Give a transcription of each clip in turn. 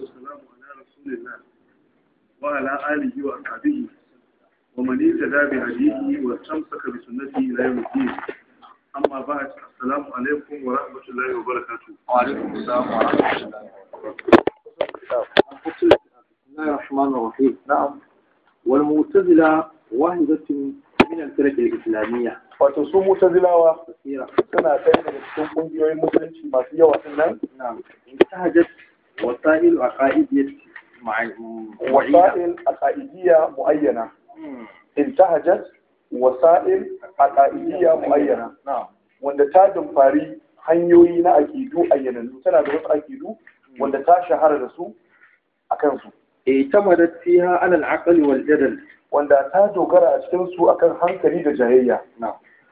والسلام على رسول الله وعلى آله وأصحابه ومن اهتدى بهديه واستمسك بسنته إلى يوم الدين أما بعد السلام عليكم ورحمة الله وبركاته وعليكم السلام ورحمة الله وبركاته بسم الله الرحمن الرحيم نعم والمعتزلة واحدة من الفرق الإسلامية وتصوم su كثيرة. suna kai daga cikin kungiyoyin musulunci wasa'il aqaidiyya wasa'il aqaidiyya muayyana hmm. intahajat wasa'il aqaidiyya muayyana wanda ta dumfari hanyoyi na aƙidu ayyanannu tana da wasu aƙidu hmm. wanda ta shahara da su a kansu اعتمدت فيها على العقل والجدل wanda ta dogara a cikin su akan hankali da jayayya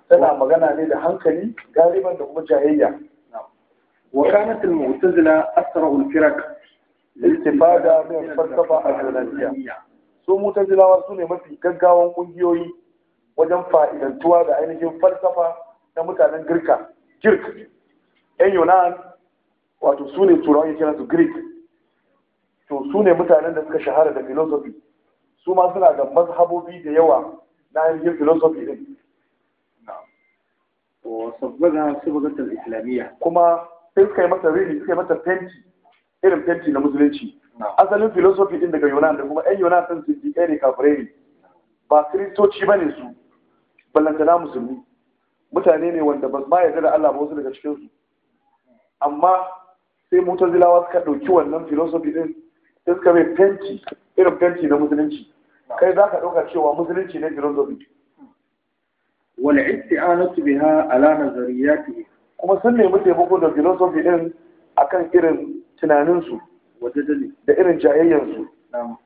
tana magana ne da hankali galiban da kuma jayayya وكانت المعتزلة أسرع الفرق للاستفادة من الفلسفة الجنسية su mutazilawa su ne mafi gaggawan ƙungiyoyi wajen fa'idantuwa da ainihin falsafa na mutanen girka girk yan wato su ne turawan yake nasu greek to su mutanen da suka shahara da philosophy su ma suna da mazhabobi da yawa na ainihin philosophy din kuma sai suka yi mata rini suka yi mata fenti irin fenti na musulunci asalin filosofi din daga yunan da kuma 'yan yunan sun su ɗaya ne kafirai ne ba kiristoci ba ne su ballantana musulmi mutane ne wanda ba ma yarda da Allah ba wasu daga cikinsu amma sai mutazilawa suka ɗauki wannan filosofi din sai suka mai fenti irin fenti na musulunci kai za ka ɗauka cewa musulunci ne filosofi wal isti'anatu biha ala nazariyatihi kuma sun nemi taimako da filosofi a kan irin tunaninsu da irin jayayyansu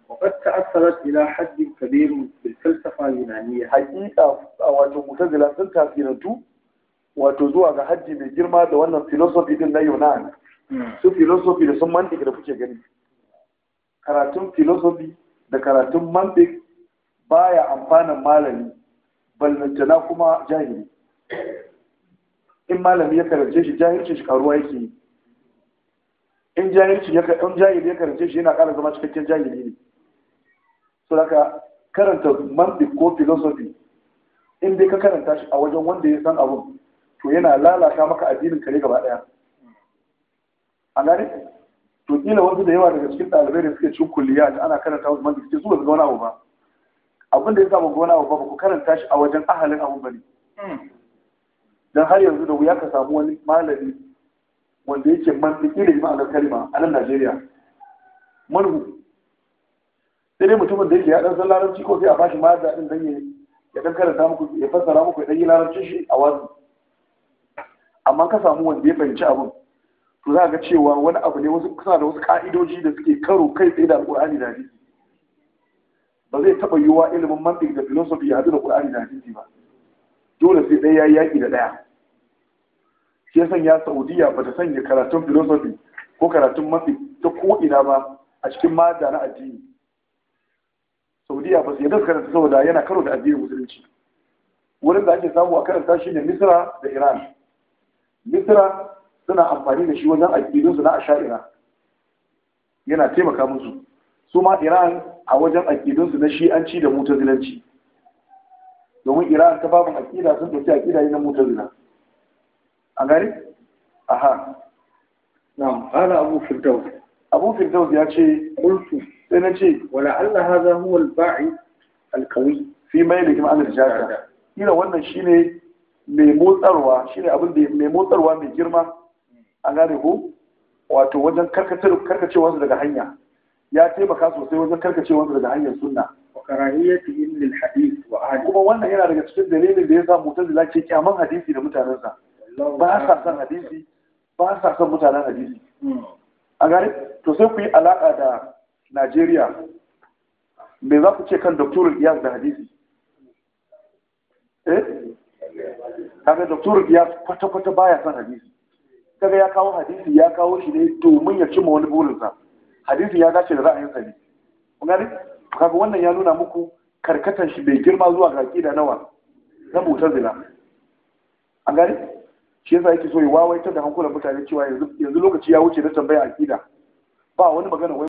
وقد تأثرت إلى حد كبير بالفلسفة اليونانية حقيقة wato mutazila sun tasirantu wato zuwa ga hajji mai girma da wannan filosofi din na Yunan hmm. su filosofi da sun mantik da kuke gani karatun filosofi da karatun mantik baya amfanin malami ballantana kuma jahili in malami ya karance shi jahilci shi karuwa yake yi in jahilci ya in jahili ya karance shi yana ƙara zama cikakken jahili ne so haka karanta mantiq ko philosophy in dai ka karanta shi a wajen wanda ya san abun to yana lalata maka addinin kare gaba daya a gani, to kila wasu da yawa daga cikin ɗalibai da suke cin kulliya da ana karanta wasu mantiq ce su ga wani abu ba abin da ya sa ba wani abu ba ku karanta shi a wajen ahalin abu ba ne hmm. don har yanzu da wuya ka samu wani malami wanda yake mantiki da ma'anar kalima a nan Najeriya manhu sai dai mutumin da yake ya dan san larabci ko sai a bashi da din dan ya dan karanta muku ya fassara muku ɗan yi larabcin shi a wazi amma ka samu wanda ya fahimci abin to za ga cewa wani abu ne wasu kusa da wasu ka'idoji da suke karo kai tsaye da alƙur'ani da hadisi ba zai taɓa yiwuwa ilimin mantik da filosofi ya haɗu da ƙur'ani da hadisi ba dole sai ɗaya ya yi da ɗaya shi ya sanya saudiya ba ta sanya karatun philosophy ko karatun mafi ta ko'ina ba a cikin mada na addini saudiya ba su yadda su karanta saboda yana karo da addinin musulunci wurin da ake samu a karanta shi ne misra da iran misra suna amfani da shi wajen su na asha'ira yana taimaka musu su ma iran a wajen su na shi'anci da mutazilanci domin iran ta babin akida sun ɗauki akida ne na mutazila an gani aha na'am ala abu firdaus abu firdaus ya ce qultu sai na ce wala Allah hadha huwa al-ba'i al-qawi fi mailihim an al kila wannan shine mai motsarwa shine abin da mai motsarwa mai girma an gane ko wato wajen karkacewarsu daga hanya ya taimaka sosai wajen karkacewarsu daga hanyar sunna wa karahiyatihim lil hadith kuma wannan yana daga cikin dalilin da ya sa da ke kyaman hadisi da mutanensa ba sa son hadisi ba sa son mutanen hadisi a gani to sai ku yi alaƙa da najeriya me za ku ce kan doktor iyas da hadisi eh kaga doktor iyas kwata-kwata baya son hadisi kaga ya kawo hadisi ya kawo shi ne domin ya cimma wani burinsa hadisi ya dace da ra'ayinsa ne kun gani kaga wannan ya nuna muku karkatan shi bai girma zuwa ga aqida nawa na zina. an gani shi yasa yake so ya wawaitar da hankulan mutane cewa yanzu lokaci ya wuce na tambaya akida ba wani magana wai